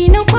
You know